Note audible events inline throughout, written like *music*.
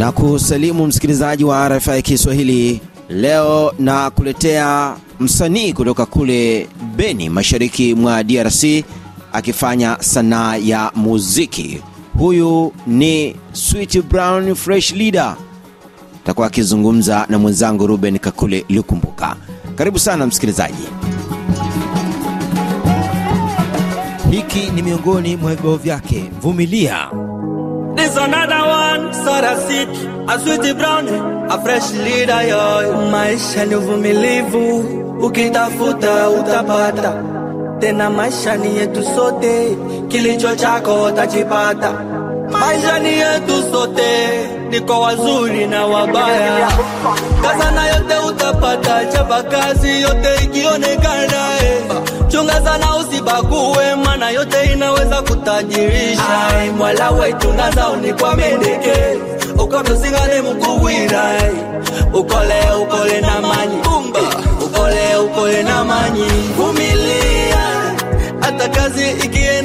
na kusalimu msikilizaji wa RFI Kiswahili leo na kuletea msanii kutoka kule Beni mashariki mwa DRC akifanya sanaa ya muziki. Huyu ni Sweet Brown Fresh Leader, atakuwa akizungumza na mwenzangu Ruben Kakule Lukumbuka. Karibu sana msikilizaji. Hiki ni miongoni mwa vibao vyake, Vumilia. another one, soda sick, a sweet brownie, a fresh leader, yo. eu vou me livro, o que tá futa, o tapata. Tena maisha ni etu é sote, kilicho de pata. Maisha ni yetu sote, ni kwa wazuri na wabaya. na yote utapata, chapa kazi yote ikionekana. Eh. Chunga sana usibague, mana yote inaweza kutajirisha. mwala wetu nazao ni kwa mendeke ukamtusingane mukuwira eh. ukole ukole na manyi Bumba. ukole ukole na manyi vumilia hata kazi ikie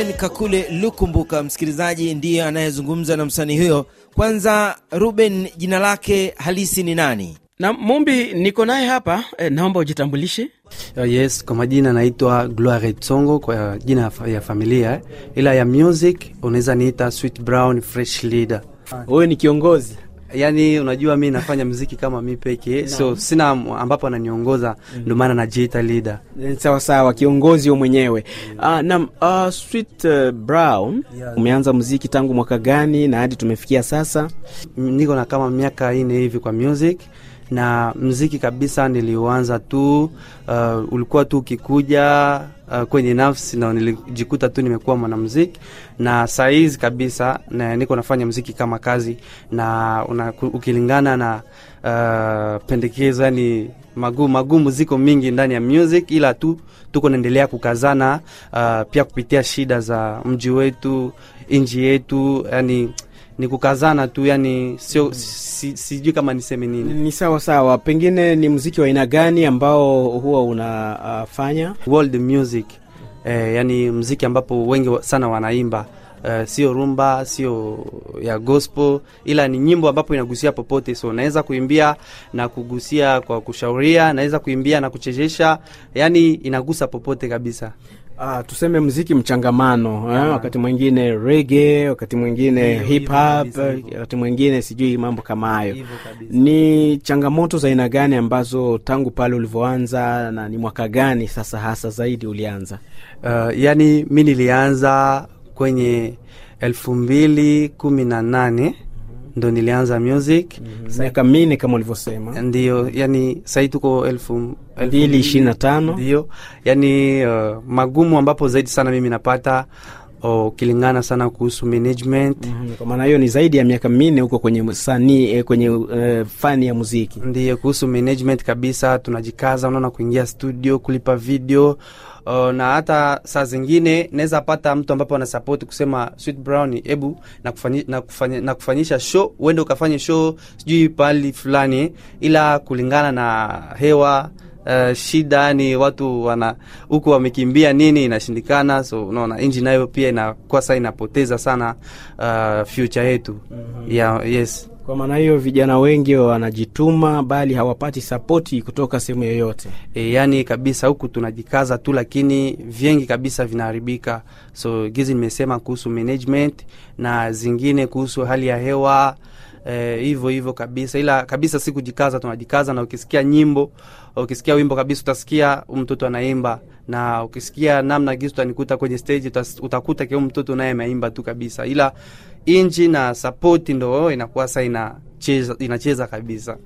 Ruben Kakule Lukumbuka, msikilizaji, ndiye anayezungumza na msanii huyo. Kwanza Ruben, jina lake halisi ni nani? Na Mumbi niko naye hapa e, naomba ujitambulishe. Oh, yes, kwa majina naitwa Gloire Tsongo kwa jina ya familia, ila ya music unaweza niita Sweet Brown Fresh Leader. Huyu ni kiongozi yani unajua mi nafanya mziki kama mi peke so sina ambapo ananiongoza mm. ndio maana najiita lida sawa sawa kiongozi mwenyewe mm. uh, ah, nam uh, ah, sweet uh, brown yeah. umeanza mziki tangu mwaka gani na hadi tumefikia sasa niko na kama miaka ine hivi kwa music na mziki kabisa niliuanza tu uh, ulikuwa tu ukikuja uh, kwenye nafsi na nilijikuta tu nimekuwa mwanamuziki na saizi kabisa na, niko nafanya muziki kama kazi na una, ukilingana na uh, pendekezo yani magumu magumu ziko mingi ndani ya music, ila tu tuko naendelea kukazana uh, pia kupitia shida za mji wetu, nji yetu yani ni kukazana tu, yani sio mm. si, sijui kama niseme nini. Ni sawa sawa. Pengine ni mziki wa aina gani ambao huwa unafanya? Uh, world music eh, yani mziki ambapo wengi sana wanaimba Uh, sio rumba, sio ya gospel, ila ni nyimbo ambapo inagusia popote. So naweza kuimbia na kugusia kwa kushauria, naweza kuimbia na kuchezesha, yani inagusa popote kabisa uh, tuseme mziki mchangamano uh, wakati mwingine rege, wakati mwingine hip hop, eh, wakati mwingine sijui mambo kama hayo. Ni changamoto za aina gani ambazo tangu pale ulivyoanza, na ni mwaka gani sasa hasa zaidi ulianza? Uh, yani mi nilianza kwenye elfu mbili kumi na nane ndo nilianza music mhm. miaka mm -hmm. minne kama ulivyosema, ndio yani sahi tuko elfu mbili ishirini na tano ndio yani uh, magumu ambapo zaidi sana mimi napata oh, ukilingana sana kuhusu management mm-hmm. Kwa maana hiyo ni zaidi ya miaka minne huko kwenye sanii eh, kwenye eh, fani ya muziki, ndiyo kuhusu management kabisa. Tunajikaza, unaona, kuingia studio, kulipa video Uh, na hata saa zingine naweza pata mtu ambapo anasapoti kusema Sweet Brown, hebu na kufanyisha na kufanyisha show, uende ukafanye show sijui pali fulani, ila kulingana na hewa uh, shida ni yaani watu wana huku wamekimbia nini, inashindikana. So unaona inji nayo pia inakuwa sasa inapoteza sana uh, future yetu mm-hmm. yeah, yes. Kwa maana hiyo vijana wengi wanajituma bali hawapati sapoti kutoka sehemu yoyote. E, eh, yani kabisa huku tunajikaza tu, lakini vyengi kabisa vinaharibika. So gizi nimesema kuhusu management na zingine kuhusu hali ya hewa Eh, hivyo eh, hivyo kabisa, ila kabisa si kujikaza, tunajikaza. Na ukisikia nyimbo, ukisikia wimbo kabisa, utasikia mtoto anaimba, na ukisikia namna gisi utanikuta kwenye stage, utakuta kio mtoto naye ameimba tu kabisa, ila inji na support ndo inakuwa sasa inacheza, inacheza kabisa.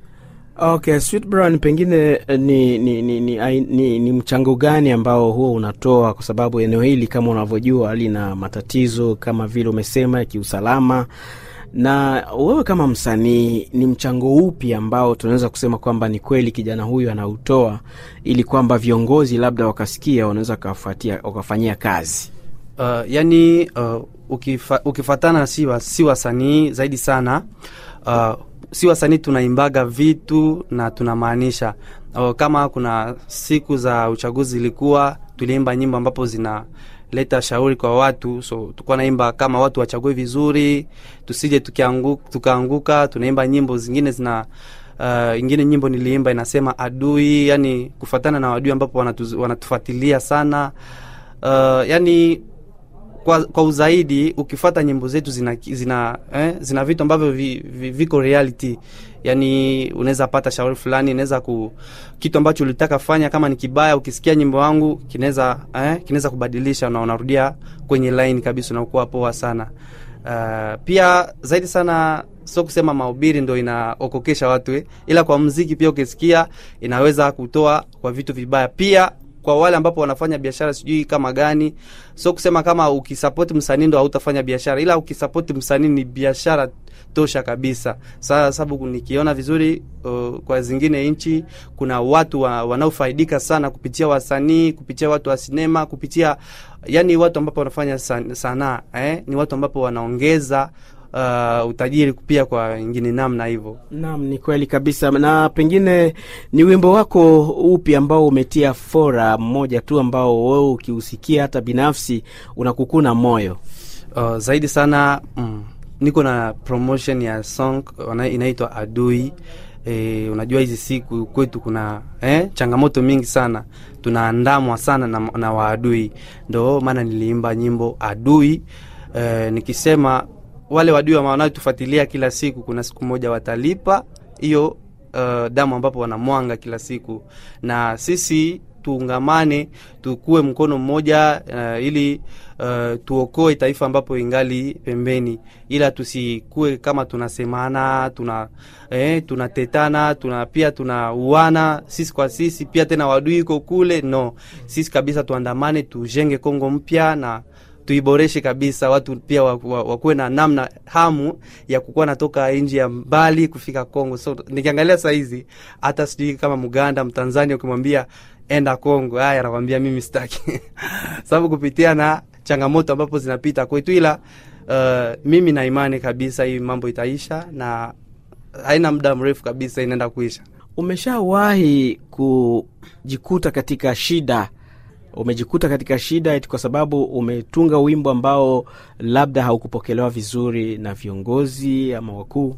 Okay, Sweet Brown, pengine eh, ni ni, ni, ni, ni ni mchango gani ambao huo unatoa, kwa sababu eneo hili kama unavyojua lina matatizo kama vile umesema ya kiusalama na wewe kama msanii, ni mchango upi ambao tunaweza kusema kwamba ni kweli kijana huyu anautoa ili kwamba viongozi labda wakasikia, wanaweza wakafanyia kazi? Uh, yani uh, ukifa, ukifatana si wasanii zaidi sana uh, si wasanii tunaimbaga vitu na tunamaanisha uh, kama kuna siku za uchaguzi ilikuwa tuliimba nyimbo ambapo zina leta shauri kwa watu, so tukuwa naimba kama watu wachague vizuri, tusije tukaanguka. Tunaimba nyimbo zingine zina uh, ingine nyimbo niliimba inasema adui, yani kufatana na wadui ambapo wanatu, wanatufuatilia sana uh, yani kwa, kwa uzaidi ukifata nyimbo zetu zina, zina, eh, zina vitu ambavyo vi, vi, viko reality yani unaweza pata shauri fulani, unaweza ku kitu ambacho ulitaka fanya, kama ni kibaya, ukisikia nyimbo yangu kinaweza eh, kinaweza kubadilisha na unarudia kwenye line kabisa, unakuwa poa sana. Uh, pia zaidi sana sio kusema mahubiri ndo inaokokesha watu eh, ila kwa mziki pia ukisikia inaweza kutoa kwa vitu vibaya pia kwa wale ambapo wanafanya biashara sijui kama gani. So kusema kama ukisapoti msanii ndo hautafanya biashara, ila ukisapoti msanii ni biashara tosha kabisa. Sasa sababu nikiona vizuri uh, kwa zingine nchi kuna watu wa, wanaofaidika sana kupitia wasanii, kupitia watu wa sinema, kupitia yani watu ambapo wanafanya sanaa eh, ni watu ambapo wanaongeza uh, utajiri pia kwa wengine namna hivyo. Naam, ni kweli kabisa. Na pengine ni wimbo wako upi ambao umetia fora mmoja tu ambao wewe ukiusikia hata binafsi unakukuna moyo uh, zaidi sana mm, niko na promotion ya song inaitwa Adui. E, unajua hizi siku kwetu kuna eh, changamoto mingi sana, tunaandamwa sana na, na waadui. Ndo maana niliimba nyimbo Adui. E, nikisema wale wadui wanaotufuatilia kila siku, kuna siku moja watalipa hiyo uh, damu ambapo wanamwanga kila siku, na sisi tuungamane, tukue mkono mmoja uh, ili uh, tuokoe taifa ambapo ingali pembeni, ila tusikue kama tunasemana tuna eh, tunatetana tuna pia tunauana sisi kwa sisi, pia tena wadui iko kule. No, sisi kabisa tuandamane, tujenge Kongo mpya na tuiboreshe kabisa, watu pia wakuwe na namna hamu ya kukuwa natoka nji ya mbali kufika Kongo. So nikiangalia sahizi hata sijui kama Mganda Mtanzania ukimwambia enda Kongo, aya, anakwambia mimi sitaki *laughs* sababu kupitia na changamoto ambapo zinapita kwetu, ila uh, mimi na imani kabisa hii mambo itaisha na haina muda mrefu kabisa inaenda kuisha. Umeshawahi kujikuta katika shida umejikuta katika shida kwa sababu umetunga wimbo ambao labda haukupokelewa vizuri na viongozi ama wakuu?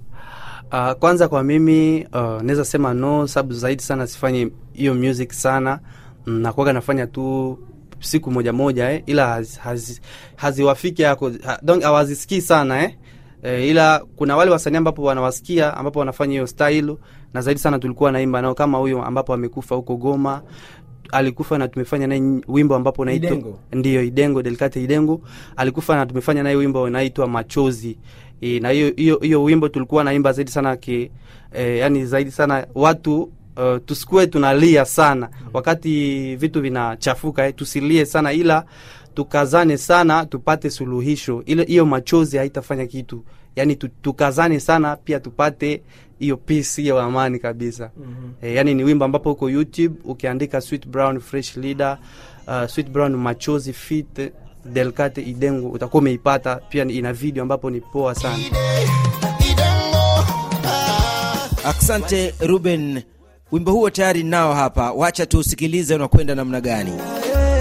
Uh, kwanza kwa mimi uh, naweza sema no, sababu zaidi sana sifanye hiyo music sana, mm, nakuaga nafanya tu siku moja moja eh, ila haziwafiki haz, haz, hawazisikii sana eh. E, ila kuna wale wasanii ambapo wanawasikia ambapo wanafanya hiyo style, na zaidi sana tulikuwa naimba nao kama huyo ambapo amekufa huko Goma alikufa na tumefanya naye wimbo ambapo naitwa ndio Idengo, Delicate Idengo alikufa na tumefanya naye wimbo unaitwa Machozi. E, na hiyo hiyo hiyo wimbo tulikuwa naimba zaidi sana ki, e, yani zaidi sana watu Uh, tusikue tunalia sana wakati vitu vinachafuka eh, tusilie sana ila tukazane sana tupate suluhisho. Ile hiyo machozi haitafanya kitu, yani tukazane sana pia tupate hiyo peace hiyo amani kabisa mm -hmm. E, yani ni wimbo ambapo uko YouTube ukiandika Sweet Brown Fresh Leader, uh, Sweet Brown Machozi Fit Delcate Idengo utakuwa umeipata pia. Ina video ambapo ni poa sana. Asante Ruben, wimbo huo tayari nao hapa, wacha tuusikilize unakwenda namna gani?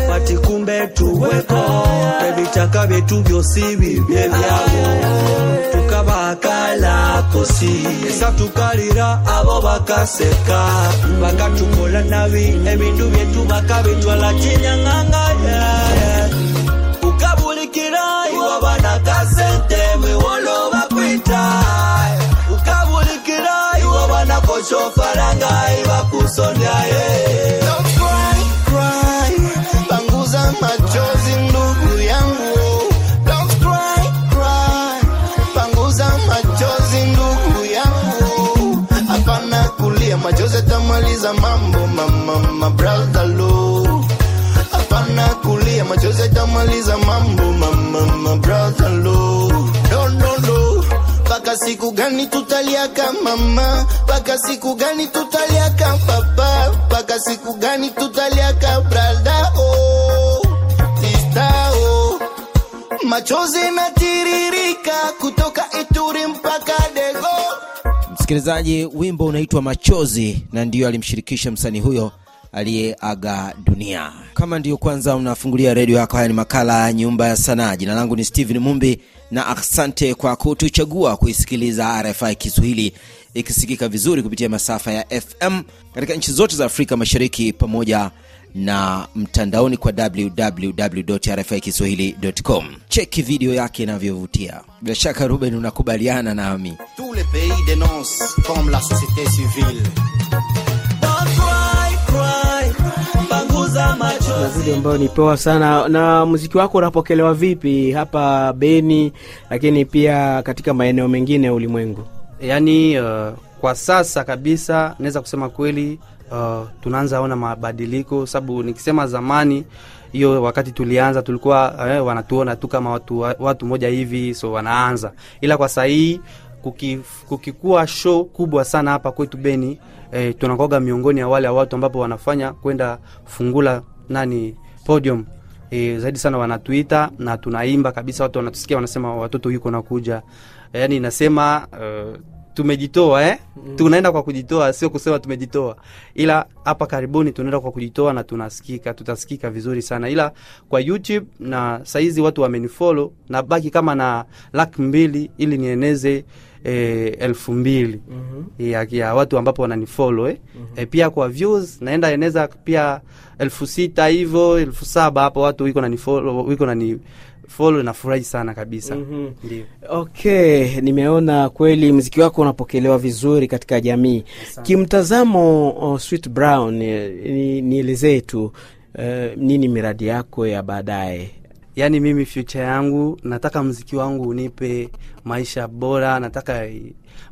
Pati kumbe tuweko bebi vyetu vyosivi vyevyao lakosi esatukalira abo bakaseka bakatukola nabi ebintu byetu bakabitwala kinyaŋaŋaya ukabulikira iwa banakasente miwolo bakwita ukabulikira iwa banakosofaranga ibakusonyaye gani tutaliaka mama, paka siku gani tutaliaka papa, paka siku gani tutaliaka brada, oh sista, oh machozi natiririka kutoka Ituri mpaka Dego. Msikilizaji, wimbo unaitwa Machozi na ndiyo alimshirikisha msanii huyo aliyeaga dunia. Kama ndiyo kwanza unafungulia redio yako, haya ni makala ya Nyumba ya Sanaa. Jina langu ni Steven Mumbi na asante kwa kutuchagua kuisikiliza RFI Kiswahili ikisikika vizuri kupitia masafa ya FM katika nchi zote za Afrika Mashariki pamoja na mtandaoni kwa www.rfikiswahili.com. Cheki video yake inavyovutia. Bila shaka, Ruben, unakubaliana nami video ambayo ni poa sana. Na muziki wako unapokelewa vipi hapa Beni, lakini pia katika maeneo mengine ya ulimwengu? Yaani uh, kwa sasa kabisa naweza kusema kweli uh, tunaanza ona mabadiliko, sababu nikisema zamani hiyo wakati tulianza tulikuwa eh, wanatuona tu kama watu, watu moja hivi so wanaanza, ila kwa sahii kukikuwa show kubwa sana hapa kwetu Beni e, eh, tunakoga miongoni ya wale watu ambapo wanafanya kwenda fungula nani podium e, zaidi sana wanatuita na tunaimba kabisa, watu wanatusikia, wanasema watoto yuko nakuja. Eh, yani nasema uh, tumejitoa eh? Mm. Tunaenda kwa kujitoa, sio kusema tumejitoa, ila hapa karibuni tunaenda kwa kujitoa na tunasikika, tutasikika vizuri sana ila kwa YouTube na saizi watu wamenifollow na baki kama na laki mbili ili nieneze e, elfu mbili mm -hmm. ya, ya watu ambapo wananifollow eh. mm -hmm. E, pia kwa views naenda eneza pia elfu sita hivyo elfu saba hapo watu wiko nanifollow wiko nani follow nafurahi sana kabisa. mm -hmm. Okay, nimeona kweli mziki wako unapokelewa vizuri katika jamii kimtazamo. Oh, Sweet Brown, nielezee ni, ni tu uh, nini miradi yako ya baadaye yani mimi future yangu nataka mziki wangu unipe maisha bora, nataka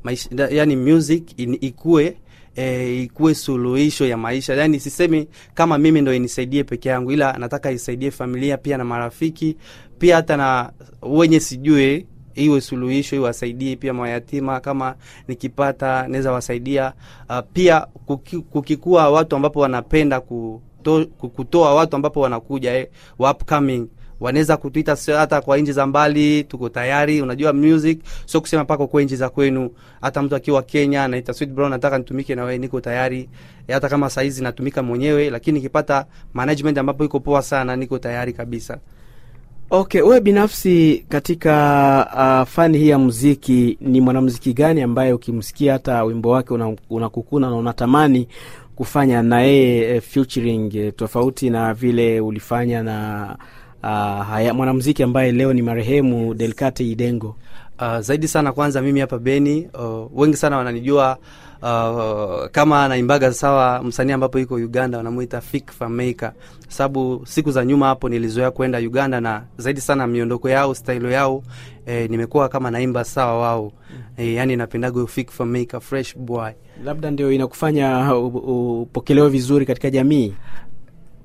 maisha, yani music ikue E, eh, ikuwe suluhisho ya maisha, yani sisemi kama mimi ndo inisaidie peke yangu, ila nataka isaidie familia pia na marafiki pia hata na wenye sijue iwe suluhisho iwasaidie pia mayatima, kama nikipata naweza wasaidia. Uh, pia kuki, kukikuwa watu ambapo wanapenda kuto, kutoa watu ambapo wanakuja eh, upcoming wanaweza kutuita hata kwa nchi za mbali, tuko tayari. Unajua music sio kusema pako kwa nchi za kwenu. Hata mtu akiwa Kenya anaita Sweet Brown, nataka nitumike na wewe, niko tayari. Hata kama saizi natumika mwenyewe, lakini nikipata management ambapo iko poa sana, niko tayari kabisa. Okay, wewe binafsi katika uh, fani hii ya muziki ni mwanamuziki gani ambaye ukimsikia hata wimbo wake unakukuna una na unatamani kufanya na yeye eh, featuring eh, tofauti na vile ulifanya na uh, ah, mwanamziki ambaye leo ni marehemu Delcate Idengo? Uh, zaidi sana kwanza, mimi hapa Beni uh, wengi sana wananijua uh, kama naimbaga sawa msanii ambapo iko Uganda wanamuita Fik Fameka, sababu siku za nyuma hapo nilizoea kwenda Uganda na zaidi sana miondoko yao stailo yao eh, nimekuwa kama naimba sawa wao eh, yani napendaga Fik Fameka fresh boy, labda ndio inakufanya upokelewa vizuri katika jamii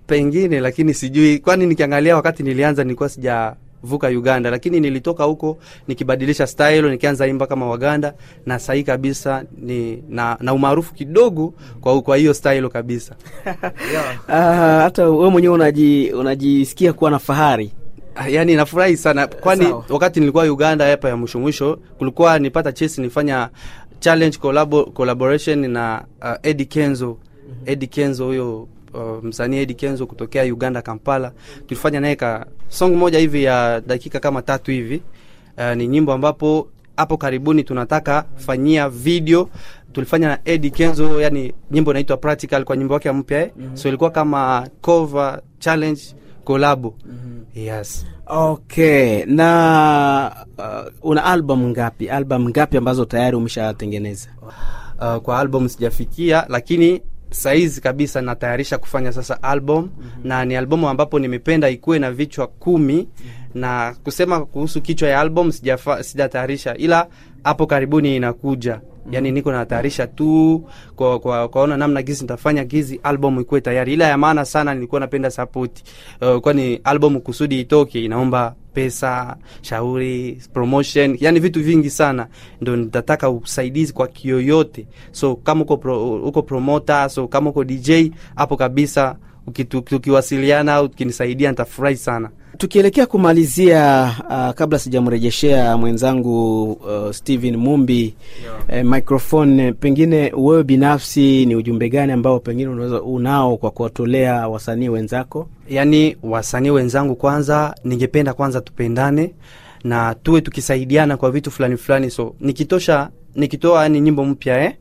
pengine, lakini sijui, kwani nikiangalia wakati nilianza nilikuwa sija vuka Uganda, lakini nilitoka huko nikibadilisha style, nikianza imba kama Waganda na sahii kabisa ni na, na umaarufu kidogo kwa kwa hiyo style kabisa *laughs* yeah. Uh, hata wewe mwenyewe unaji, unajisikia kuwa na fahari Uh, Yaani nafurahi sana kwani Sao. Wakati nilikuwa Uganda hapa ya mwisho mwisho, kulikuwa nipata chance nifanya challenge collab collaboration na uh, Eddie Kenzo mm -hmm. Eddie Kenzo huyo msanii um, Eddie Kenzo kutokea Uganda Kampala. Tulifanya naye ka song moja hivi ya dakika kama tatu hivi. Uh, ni nyimbo ambapo hapo karibuni tunataka fanyia video tulifanya na Eddie Kenzo, yani nyimbo inaitwa Practical kwa nyimbo yake mpya eh. mm -hmm. So ilikuwa kama cover challenge kolabo mm -hmm. Yes. Okay, na uh, una album ngapi? Album ngapi ambazo tayari umeshatengeneza? Uh, kwa album sijafikia, lakini saizi kabisa natayarisha kufanya sasa album mm -hmm. na ni albumu ambapo nimependa ikuwe na vichwa kumi mm -hmm na kusema kuhusu kichwa ya album sijatayarisha, ila hapo karibuni inakuja. Yani mhm. niko natayarisha tu kwa kwa kwaona namna gizi nitafanya gizi album ikuwe tayari, ila ya maana sana nilikuwa napenda support uh, kwani album kusudi itoke inaomba pesa, shauri, promotion, yani vitu vingi sana, ndo nitataka usaidizi kwa kiyoyote. So kama uko pro, uko promoter, so kama uko DJ hapo kabisa, ukiwasiliana au ukinisaidia nitafurahi sana tukielekea kumalizia uh, kabla sijamrejeshea mwenzangu uh, stehen Mumbi yeah. Eh, microphone, pengine wewe binafsi ni ujumbe gani ambao pengine unaweza unao kwa kuwatolea wasanii wenzako? Yaani wasanii wenzangu, kwanza ningependa kwanza tupendane na tuwe tukisaidiana kwa vitu fulani fulani, so nikitosha nikitoa yani nyimbo mpya eh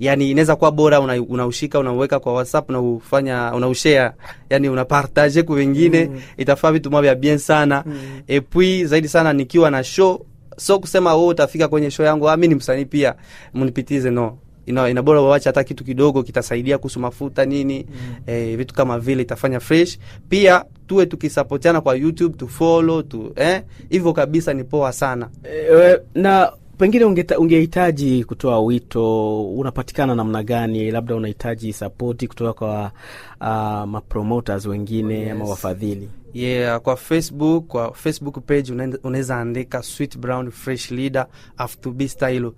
yani inaweza kuwa bora unaushika una unaweka kwa WhatsApp na ufanya unaushare, yani unapartage kwa wengine mm. itafaa vitu mwa vya bien sana mm. et puis zaidi sana nikiwa na show, so kusema wewe utafika kwenye show yangu, ah, mimi ni msanii pia mnipitize, no ina, ina bora wawache hata kitu kidogo kitasaidia kuhusu mafuta nini, mm. eh, vitu kama vile itafanya fresh pia tuwe tukisapotiana kwa YouTube tu follow tu eh, hivyo kabisa ni poa sana e, we, na Pengine ungehitaji unge kutoa wito, unapatikana namna gani? Labda unahitaji sapoti kutoka kwa uh, mapromoters wengine oh, yes, ama wafadhili yeah. Kwa Facebook, kwa Facebook page unaweza andika Sweet Brown Fresh Leader aftubi stylo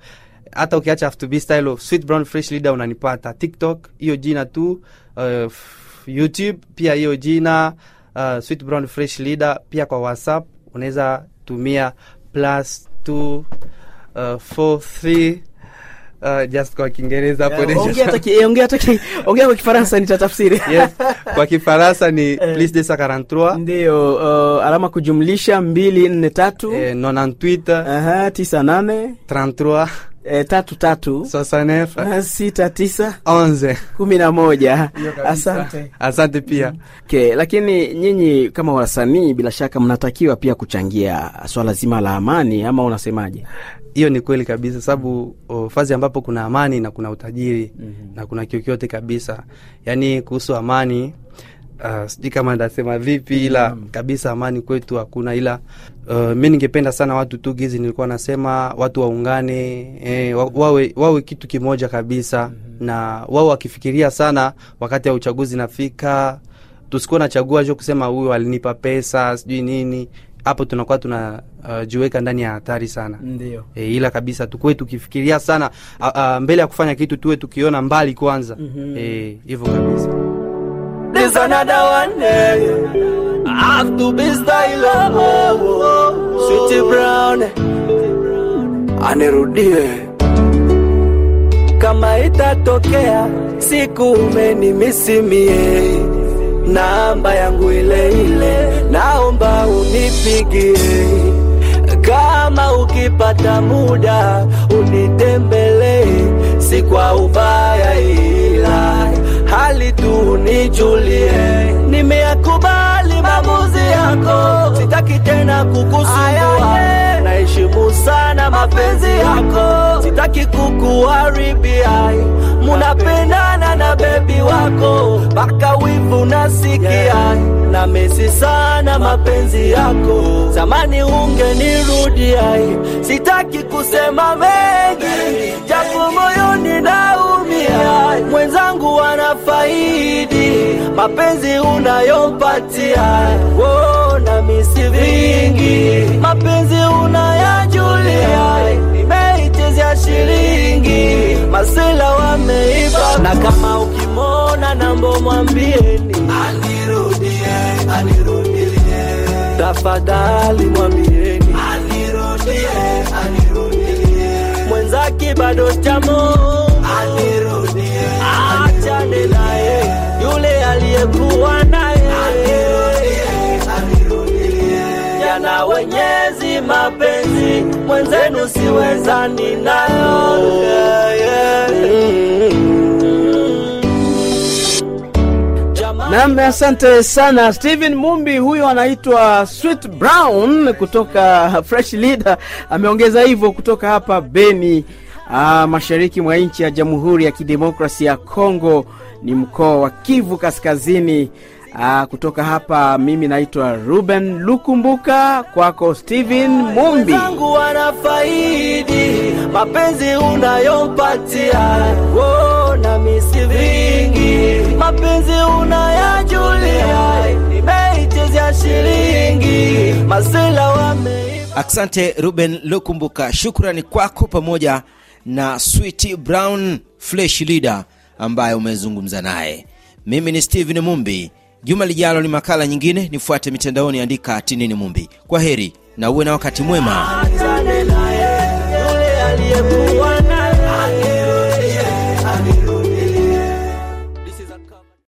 hata ukiacha aftubi stylo Sweet Brown Fresh Leader unanipata TikTok, hiyo jina tu uh, YouTube pia hiyo jina uh, Sweet Brown Fresh Leader. Pia kwa WhatsApp unaweza tumia plus two uh, uh kwa *laughs* eh, ongea kwa Kifaransa nitatafsiri. yes, kwa Kifaransa ni *laughs* eh. plus ndio uh, alama kujumlisha 243 eh, 98 aha 98 E, tatu tatu eh, sita tisa onze kumi na moja. Asante, asante pia okay. Lakini nyinyi kama wasanii, bila shaka mnatakiwa pia kuchangia swala zima la amani, ama unasemaje? Hiyo ni kweli kabisa, sababu fazi ambapo kuna amani na kuna utajiri mm -hmm. na kuna kiokyote kabisa, yaani kuhusu amani Uh, sijui kama ndasema vipi ila mm. Kabisa amani kwetu hakuna, ila Uh, mi ningependa sana watu tu gizi, nilikuwa nasema watu waungane, eh, wawe, wawe kitu kimoja kabisa mm -hmm. na wao wakifikiria sana wakati ya uchaguzi nafika, tusikuwa nachagua jo kusema huyo alinipa pesa sijui nini hapo tunakuwa tunajiweka eh, uh, ndani ya hatari sana. Ndio. E, ila kabisa tukuwe tukifikiria sana a, a, mbele ya kufanya kitu tuwe tukiona mbali kwanza. mm -hmm. E, hivyo kabisa have to be styler. Sweetie Brown anirudie kama itatokea siku umenimisimie, namba yangu ile ile, naomba unipigie. Kama ukipata muda unitembelee, si kwa ubaya, ila hali tu unijulie, nimeakuba ni maamuzi yako, sitaki tena kukusumbua, naheshimu sana mapenzi yako, sitaki kukuharibia. Munapendana na bebi wako mpaka wivu nasikia, na mesi sana mapenzi yako, zamani ungenirudia, sitaki kusema me mapenzi unayompatia oh, na misi vingi mapenzi unayajulia nimeichezea shilingi masela wameiba na kama ukimona nambo mwambieni anirudie anirudie tafadhali mwambieni anirudie anirudie mwenzake bado chamo anirudie mapenzi mwenzenu siweza ninayo yeah, yeah. Nam, asante sana Steven Mumbi. Huyo anaitwa Sweet Brown kutoka Fresh Leader, ameongeza hivyo kutoka hapa Beni, aa, ah, mashariki mwa nchi ya Jamhuri ya kidemokrasi ya Kongo, ni mkoa wa Kivu Kaskazini. Aa, ah, kutoka hapa mimi naitwa Ruben Lukumbuka, kwako Steven Mumbi. Wenzangu wanafaidi mapenzi unayompatia oh, na misi vingi mapenzi unayajulia ni shilingi masela wame. Asante Ruben Lukumbuka, shukrani kwako pamoja na Sweet Brown Flesh Leader ambaye umezungumza naye. Mimi ni Steven Mumbi. Juma lijalo ni makala nyingine. Nifuate mitandaoni, andika Tinini Mumbi. Kwa heri na uwe na wakati mwema.